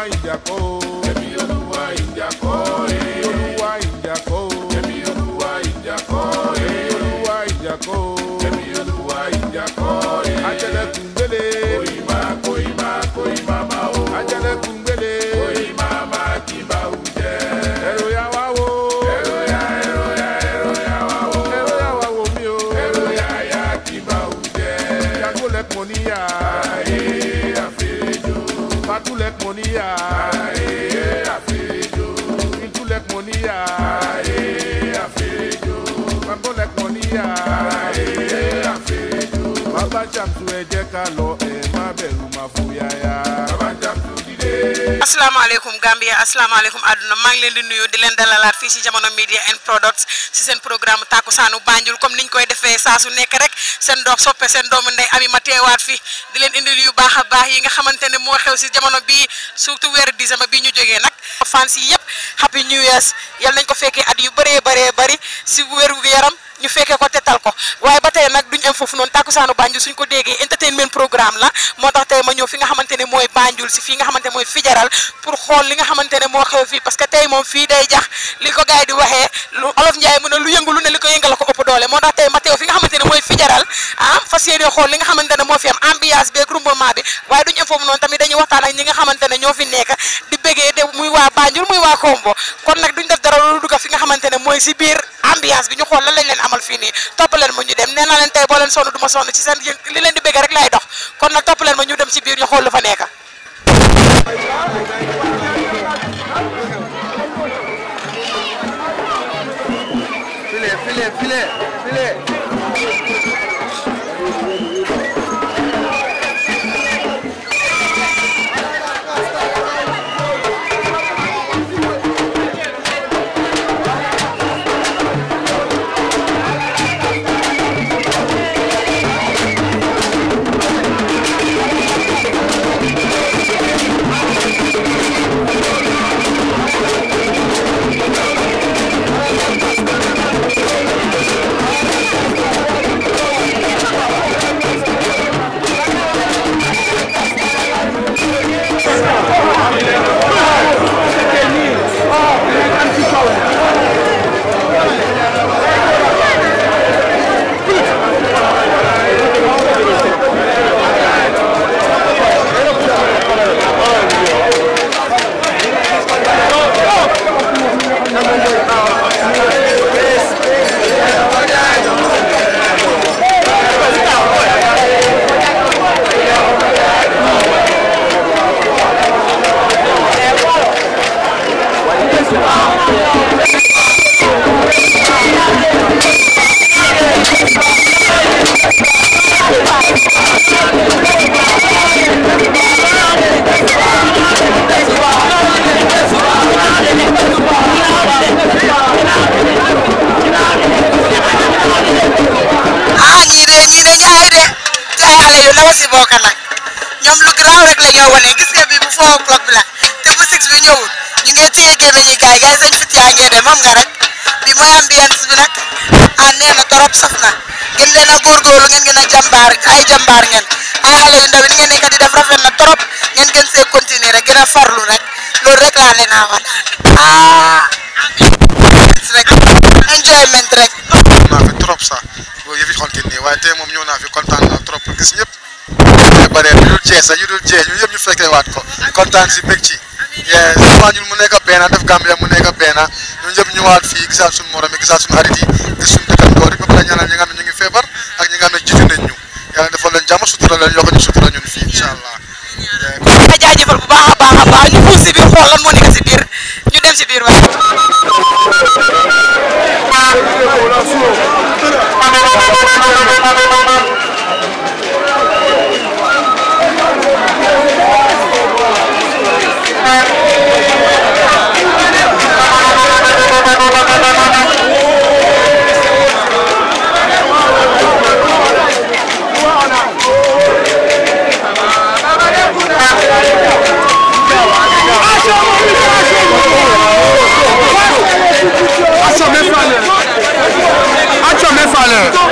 olúwa am kọ́ o. èmi olúwa alaykum Gambia asalaamaaleykum àdduna maa ngi len di nuyu di len dalalat fi ci jamono media and products ci sen programme takusanu Banjul comme niñ koy defé sa su nek rek sen dox soppé sen dom ndey ami ma teewaat fi di len indil yu baxa bax yi nga xamantene mo xew ci jamono bi surtout weeru décembre bi ñu joggé nak fans yi yépp happy new years yalla nañ ko féké at yu bëree bëree bari ci wér yaram ñu féké ko tetal ko waye ba nak nag duñ am fofu non takusanu banjul suñ ko déggé entertainment programme la motax tay ma fi nga xamantene ne banjul si fi nga xamantene moy fijaral pour xol li nga xamantene ne xew fi parce que tay mom fi day jax li ko gars di waxé lu olof ñay mëna lu yëngu lu ne li ko yëngal ko upp doole motax tay matéw fi nga xamantene ne mooy ah fas yéene li nga xamantene mo fi am ambiance bék rumbama bi waye duñ am fofu non tamit dañuy waxtaan ak ñi nga xamantene ne fi nekk di muy wa banjul muy wa kombo kon nak duñ def dara lu dugg fi nga xamantene ne ci ambiance bi ñu xool lan lañ leen amal fii nii topp leen ma ñu dem nee leen tey boo leen sonn du ma ci seen li leen di bëgg rek laay dox kon nag topp leen ma ñu dem ci biir ñu xool fa nekk kooka nag ñoom lu garaaw rek la ñoo gis nga bi bu foo bloc bi la triple six bi ñëwul ñu ngi téye gémmiñu gaay gaay sañ fit ngee dem xam nga rek bi mooy ambiance bi nag ah nee na torop na ngeen gën a góorgóorlu ngeen gën a ay jàmbaar yu ndaw ni ngeen di def rafet na torop ngeen gën see continuer rek gën farlu rek loolu rek laa leen xamal ah rek rek. trop sax yëf te moom ñëw naa fi kontaan yees la yu dul jeex ñu yëpp ñu fekkee waat ko kontaan si bég ci yees Banjul mu nekk benn def Gambia mu nekk benn ñu ñëpp ñu waat fii gisaat suñu morom yi gisaat suñu xarit yi gis suñu dëkkandoo rek ba pare ñaanal ñu ngi feebar ak ñi nga xam ne ñu yàlla defal leen jàmm sutura leen yokk ñu Center.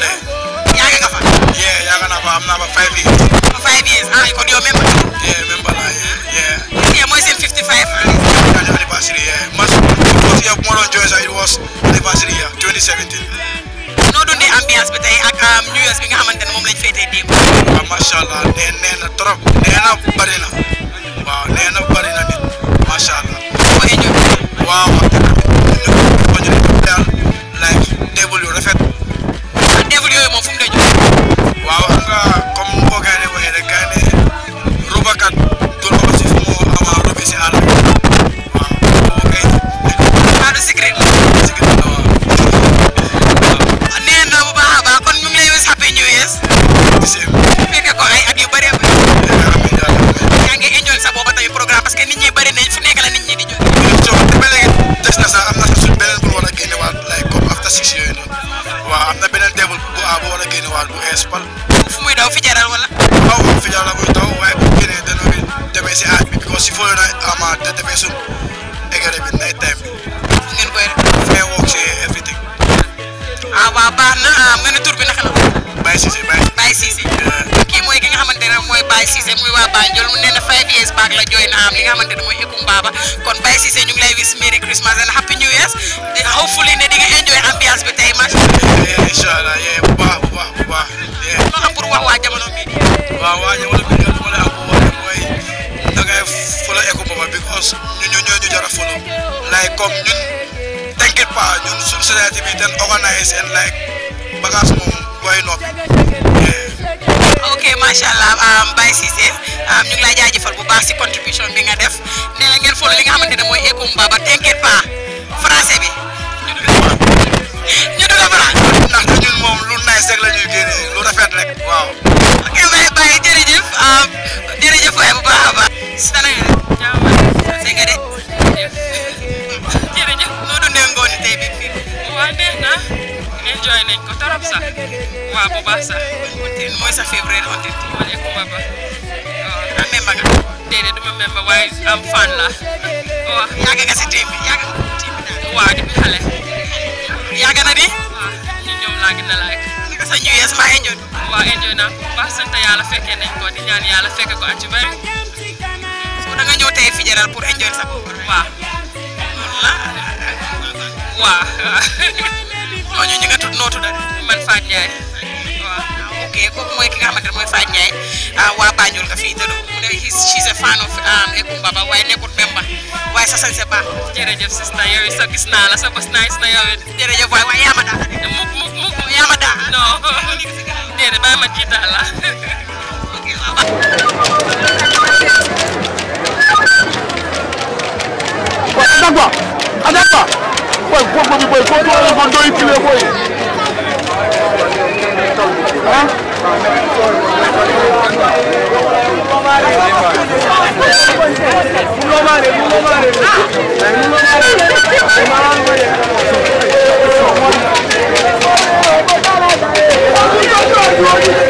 there? Yeah, I got five. Yeah, yeah, I got about five years. Five years. Ah, you could you remember? Yeah, member lah. Yeah. Yeah, more than 55. Yeah, anniversary. Yeah, must. Because you have more joys. It was anniversary. Yeah, 2017. noo the ambiance bi tey ak New Year's bi nga xamante ne moom lañ féetee démb. waaw ah, macha allah nee nee na trop nee na bëri na waaw nee na bëri na allah. waaye eh, nga xamante ne mooy Ibu Mbaba kon Baye Cissé ñu lay wish merry Christmas and happy new year di eh, hopefully ne di nga enjoy ambiance bi tey macha allah. Eh, incha allah yee eh, bu baax bu baax bu baax. loolu am pour wax waa jamono bii di. waaw jamono bii di lay am bu wane da ngay follow Eco Baba because ñun ñoo ñu jar follow like comme ñun thank it pas ñun suñu société bi dañ organise and like bagage moom booy noppi. ok macha allah um, Baye Cissé um, ñu ngi laa jaajëfal bu baax si contribution bi nga def nee ngeen fóolu li nga xamante ne mooy Ecoumba ba t'inquiète pas français bi ñu dugg France. ndax ñun moom lu nice rek la ñuy lu rafet rek waaw. ok Baye Baye jërëjëf um, jërëjëf waay bu baax a lañ ko torop sax waaw bu baax sax sa favorite hotel ci man ak ma ba dama memba nga déedéet duma memba waaye am fan la waaw yàgg nga si team bi yàgg nga si team bi waaw depuis xale yàgg na di new years maa enjoy waaw enjoy naa bu baax sant enjoy ñooñu ñi nga tudd noo tudd man Fane Ndiaye waaw ok kooku ki nga xamante ne nga mu ne she's a fan of um, Ekum Baba waaye nekkut memba waaye sa sañ sa baax jërëjëf sista yow sa gis naa la sa bës naa na yow jërëjëf waaye waaye mu mu mu la boy kó tó ọ̀rọ̀ kó tó ìkìlẹ̀ boy. Thank you.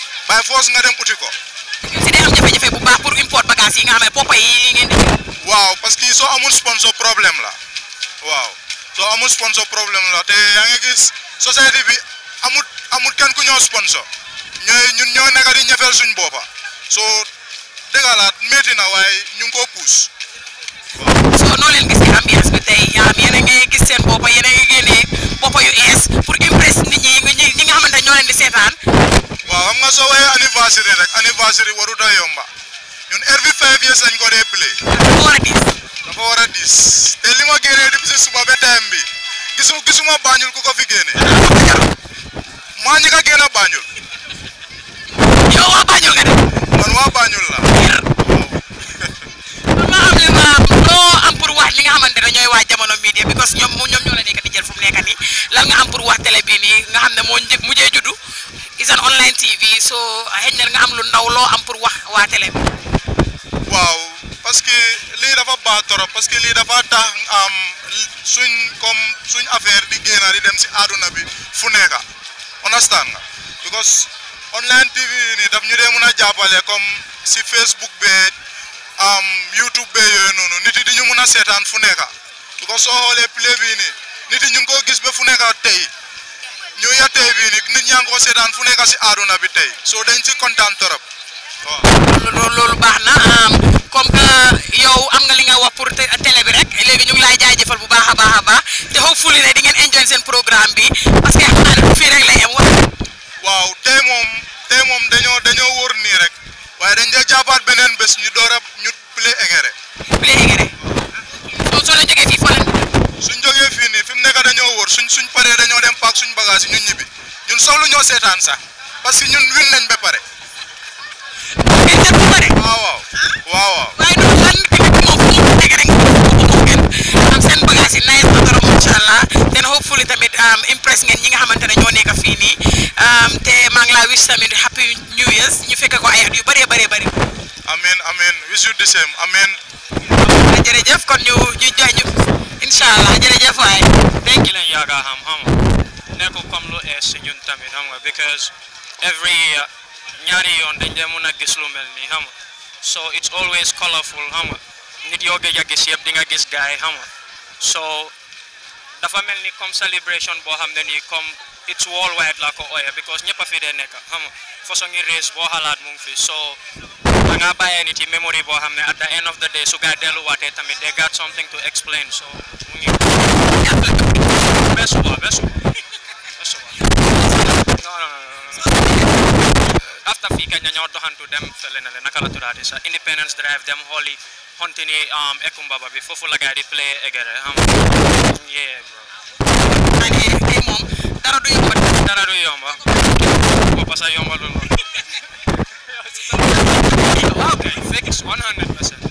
by force nga dem uti si day am jafe-jafe bu baax pour import bagage yi nga xam ne pompe yi ngeen di. waaw parce que soo amul sponsor problème la waaw soo amul sponsor problème la te yaa ngi gis société bi amul amul kenn ku ñoo sponsor ñooy ñun ñoo nekk di ñefeel suñ boppa soo dégg la métti waaye ñu ngi koo anniversary rek anniversary waru da yomba ñun every five years lañ ko dee play dafa war a diis dafa war a diis te li ma génnee depuis si suba ba time bi gisu gisuma Banjul ku ko fi génne ma ñi ka génne Banjul yo wa Banjul nga man wa Banjul la ma am li ma am am pour wax li nga xamantene ñoy wa jamono media because ñom ñom ñoo la nekk di jël fu mu nekk nii lan nga am pour wax télé bi ni nga xam mo moo njëkk mujjee juddu is online TV so xëy nga am lu ndaw loo am pour wax waa télé waaw parce que lii dafa baax trop parce que lii dafa tax am suñ comme suñ affaire di géna di dem si àdduna bi fu nekk understand nga because online TV nii daf ñu dee mun a jàppale comme si Facebook bee am YouTube bee yooyu noonu nit yi di ñu mun a seetaan fu nekk because soo xoolee play bii nii nit ñu ko gis ba fu nekk tey. ñu ya bii nag nit ñaa ngi ko sétane fu nekk si Aruna bi tay so dañ si kontaan torop lolu baxna comme yow am nga li nga wax pour télé bi rek légui ñu ngi bu baaxa baaxa baax té te hopefully né di ngeen enjoy seen programme bi parce que xam naa fii rek lay am waaw tey mom tey mom dañoo dañoo wor ni rek waye dañ dee jappat benen bés ñu doora ñu play égéré play égéré do so la jógee fi fa suñ jogé fi ni fim nekk dañoo wor suñ suñ paré dañoo ak suñ bagage ñun ñibbi ñun soxlu ñoo seetaan sax parce que ñun win nañ ba pare ngeen jël ba pare waaw waaw waaw waaw waaye do lan clip mo fu mu tege rek am seen bagage yi nice na inshallah then hopefully tamit um, impress ngeen ñi nga xamantene ñoo nekk fii nii um, te maa ngi laa wish tamit happy new years ñu fekk ko ay at yu bëree bëree bëri amen amen wish you the same amen jërëjëf kon ñu ñu joy ñu inshallah jërëjëf waay thank you leen yaaga xam xam because every year nyari on the dee mun melni hamu. so it's always colorful hamu. nga nit yoo gëj a gis gis so the family ni comme celebration boo xam ne come. comme it's worldwide la ko because ñëpp fi dee nekk xam nga façon ngi race boo xalaat mu fi so da ngaa bàyyee nit memory boo at the end of the day su gaay delluwaatee tamit they got something to explain so mu ngi besu ba besu nga ñoo doxantu dem fële na le naka la Independence Drive dem xooli continue um, Ekumbaba bi foofu la gars yi di play egere xam moom dara du yomba dara du yomba ko parce que yomba lul moom waaw kay fix 100 percent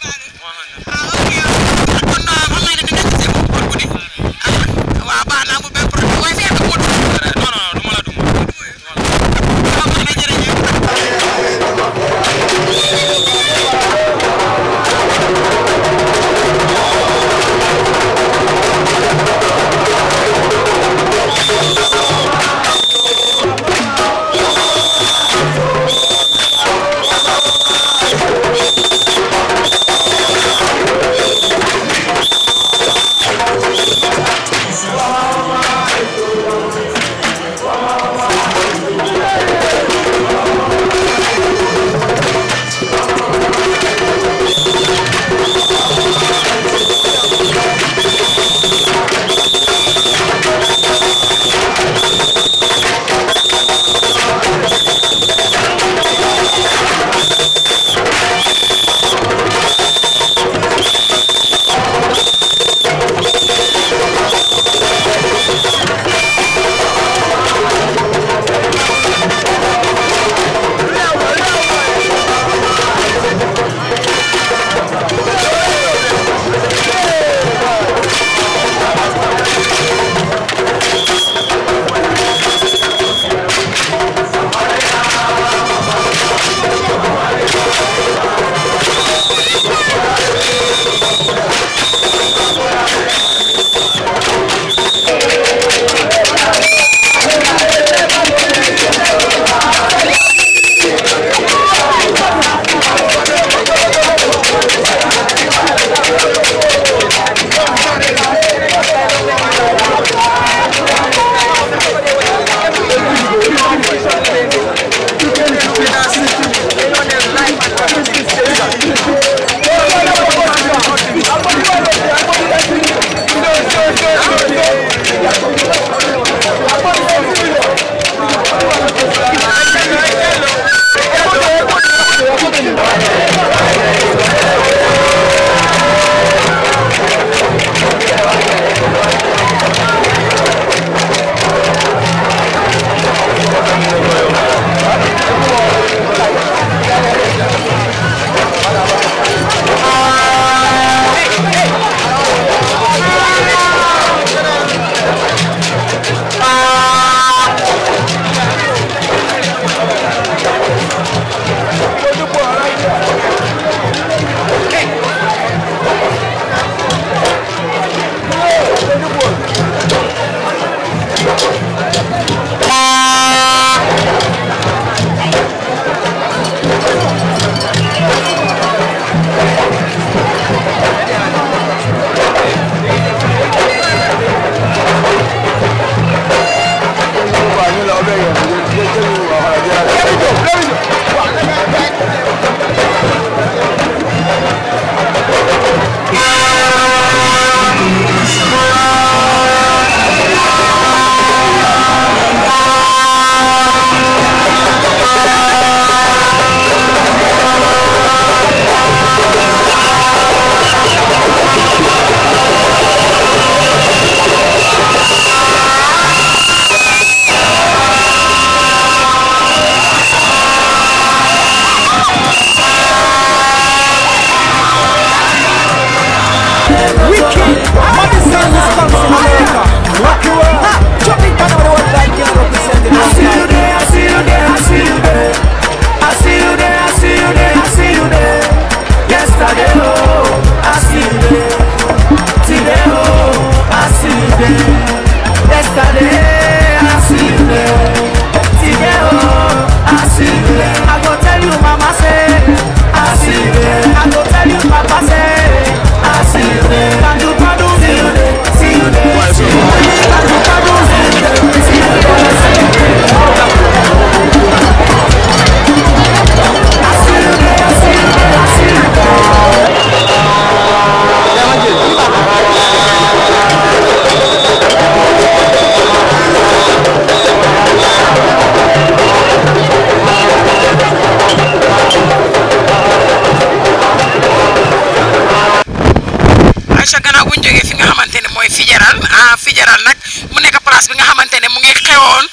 violence bi nga xamante mu ngi xewoon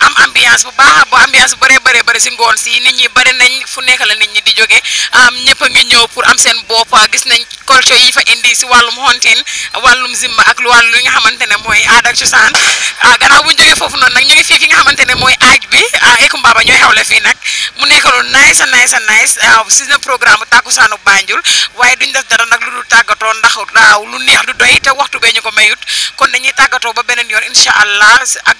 am ambiance bu baax bu ambiance bu bëree bëree bëri si ngoon si nit ñi bëri nañ fu nekk la nit ñi di jóge am ñëpp a ngi ñëw pour am seen bopp gis nañ culture yi fa indi si wàllum hontin wàllum zimba ak lu wàllu li nga xamante ne mooy aada ak cosaan ah, gannaaw bu ñu jógee foofu noonu nag ñu ngi fii fi xamante ne mooy aaj bi ah, Ekumbaaba ñooy xewle fii nag mu nekk lu nice a nice a nice ah, si na programme tàkkusaanu Banjul waaye duñ def dara nag lu dul tàggatoo ndax lu neex du doy te waxtu bee ñu ko mayut kon dañuy tàggatoo ba beneen yoon incha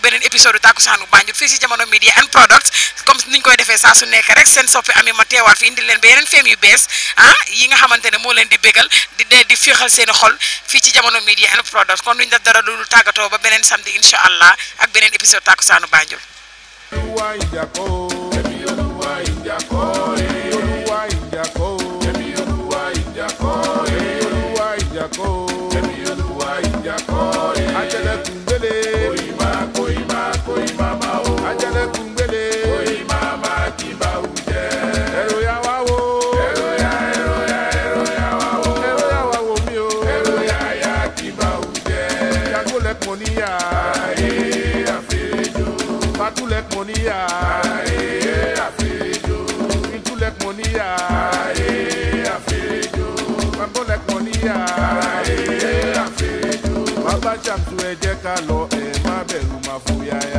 beneen épisode Takkusaanu Banjul fii si Jamano Media and Products comme niñ koy defee saa su nekk rek seen soppi ami ma teewaat fi indi leen ba yeneen feem yu bees ah yi nga xamante ne moo leen di bégal di dee di féexal seen xol fii ci Jamano Media and Products kon duñ def dara lu tàggatoo ba beneen samedi incha allah ak beneen épisode Takkusaanu Banjul. ká lọ ẹ má bẹ̀rù má fòyà ẹ.